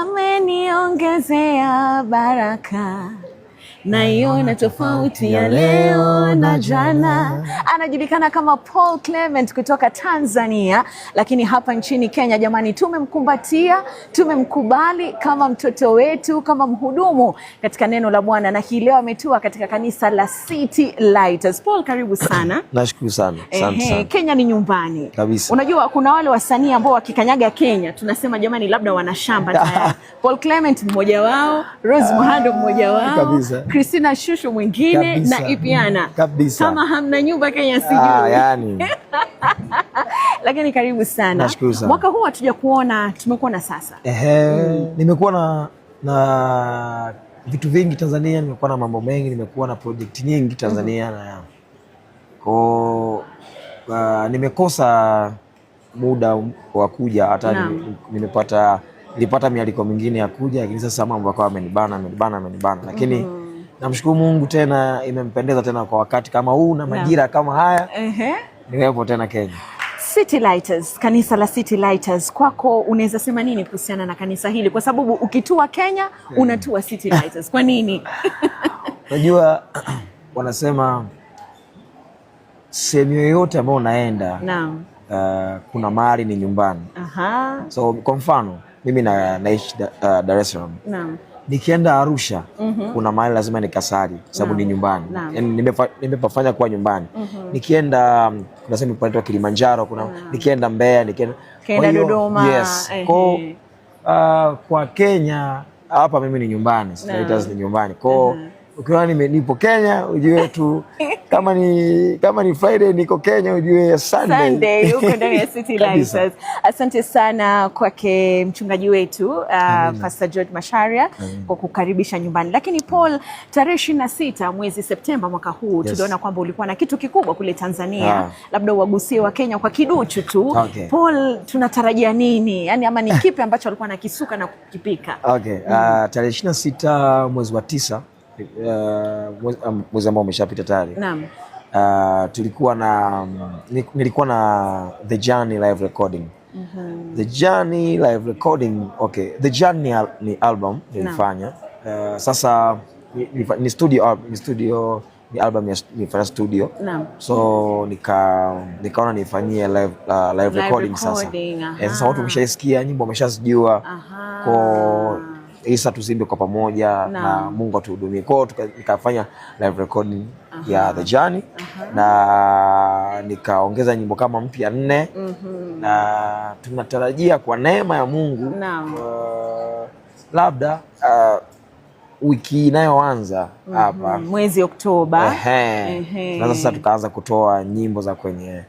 ameniongezea baraka naiona tofauti ya leo na jana. Anajulikana kama Paul Clement kutoka Tanzania, lakini hapa nchini Kenya, jamani, tumemkumbatia tumemkubali kama mtoto wetu, kama mhudumu katika neno la Bwana, na hii leo ametua katika kanisa la City Lighters. Paul, karibu sana. Nashukuru sana. Ehe, Kenya ni nyumbani kabisa. Unajua kuna wale wasanii ambao wakikanyaga Kenya tunasema jamani, labda wanashamba tayari. Paul Clement mmoja wao, Rose Muhando mmoja wao kabisa. Christina Shushu mwingine na Ipiana mm, kabisa. Kama hamna nyumba Kenya sijui. Ah, yani. Lakini karibu sana. sana. Mwaka huu hatuja kuona, tumekuwa na sasa. Ehe, mm. Nimekuwa na na vitu vingi Tanzania, nimekuwa na mambo mengi, nimekuwa na project nyingi Tanzania mm. na ko uh, nimekosa muda wa kuja hata nimepata nilipata mialiko mingine ya kuja, lakini sasa mambo yakawa amenibana amenibana amenibana, lakini mm -hmm. Namshukuru Mungu tena imempendeza tena kwa wakati kama huu na majira kama haya uh -huh. niwepo tena Kenya. City Lighters, kanisa la City Lighters, kwako unaweza sema nini kuhusiana na kanisa hili, kwa sababu ukitua Kenya unatua City Lighters. Kwa nini? Unajua wanasema sehemu yoyote ambayo unaenda Uh, kuna mahali ni nyumbani. Aha. So kwa mfano mimi na, naishi uh, Dar es Salaam. Naam nikienda Arusha mm -hmm. kuna mahali lazima nikasali sababu ni nyumbani, yani nimepafanya kuwa nyumbani mhm. mm -hmm. nikienda kuna sehemu panaitwa Kilimanjaro kuna Naam. nikienda Mbeya nikienda kwa hiyo, Dodoma yes. kwa, uh, kwa Kenya hapa mimi ni nyumbani, Star Eaters ni nyumbani kwao ukiona nipo Kenya ujue tu kama ni, kama ni Friday niko Kenya ujue Sunday. Sunday huko ndani ya City Lights. Asante sana kwake mchungaji wetu uh, Pastor George Macharia kwa kukaribisha nyumbani. Lakini Paul, tarehe ishirini na sita mwezi Septemba mwaka huu yes, tuliona kwamba ulikuwa na kitu kikubwa kule Tanzania ha. Ah. labda uwagusie wa Kenya kwa kiduchu tu okay. Paul, tunatarajia nini yani, ama ni kipi ambacho alikuwa nakisuka na kukipika? okay. mm. Uh, tarehe ishirini na sita mwezi wa tisa uh, um, mwezi ambao umeshapita tayari. Naam. Uh, tulikuwa na nilikuwa na The Journey live recording. Mm -hmm. The Journey live recording, okay. The Journey al ni album nilifanya. Uh, sasa ni, ni studio uh, ni studio ni album ya nilifanya studio. Naam. So nika nikaona nifanyie live, uh, live, live recording, recording eh, sasa. Aha. Eh, sasa watu wameshaisikia nyimbo wameshazijua. Aha. Kwa Isa tuzimbe kwa pamoja na, na Mungu atuhudumie. Kwao nikafanya live recording -huh. ya The Journey na nikaongeza nyimbo kama mpya nne uh mhm. -huh. na tunatarajia kwa neema ya Mungu uh, labda uh, wiki inayoanza mhm. hapa mm -hmm. mwezi Oktoba na sasa tukaanza kutoa nyimbo za kwenye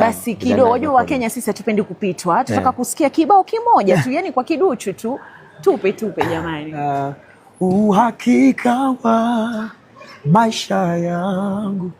basi kidogo. Wajua Wakenya sisi hatupendi kupitwa, tunataka eh. kusikia kibao kimoja tu, yani kwa kiduchu tu tupe tupe jamani. Uh, uhakika wa maisha yangu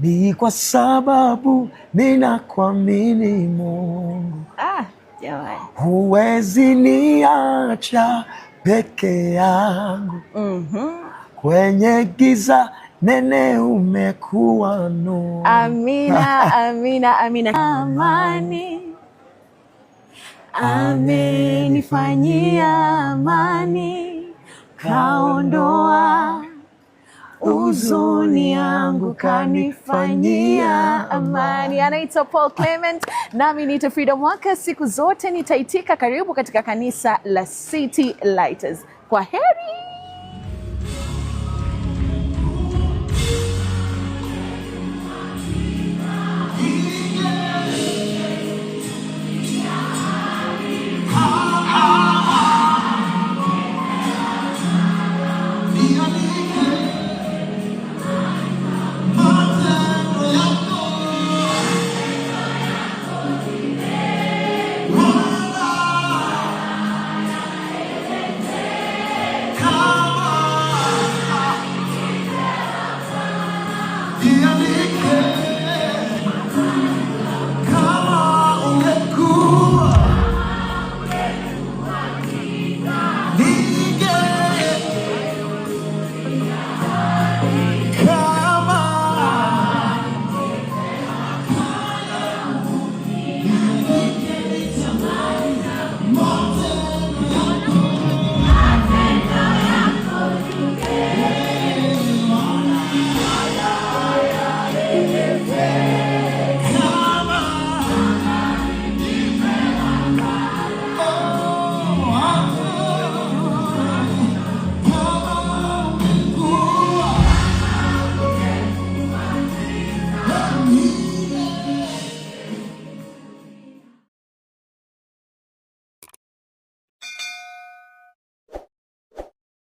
ni kwa sababu ninakuamini Mungu. Ah, jamani, huwezi niacha peke yangu mm -hmm. Kwenye giza nene umekuwa nuru. Amina, amina, amina. Amani amenifanyia amani, kaondoa huzuni yangu, kanifanyia amani. Anaitwa Paul Clement, nami niitwa Frida Mwaka. Siku zote nitaitika, karibu katika kanisa la City Lighters. Kwa heri. heart.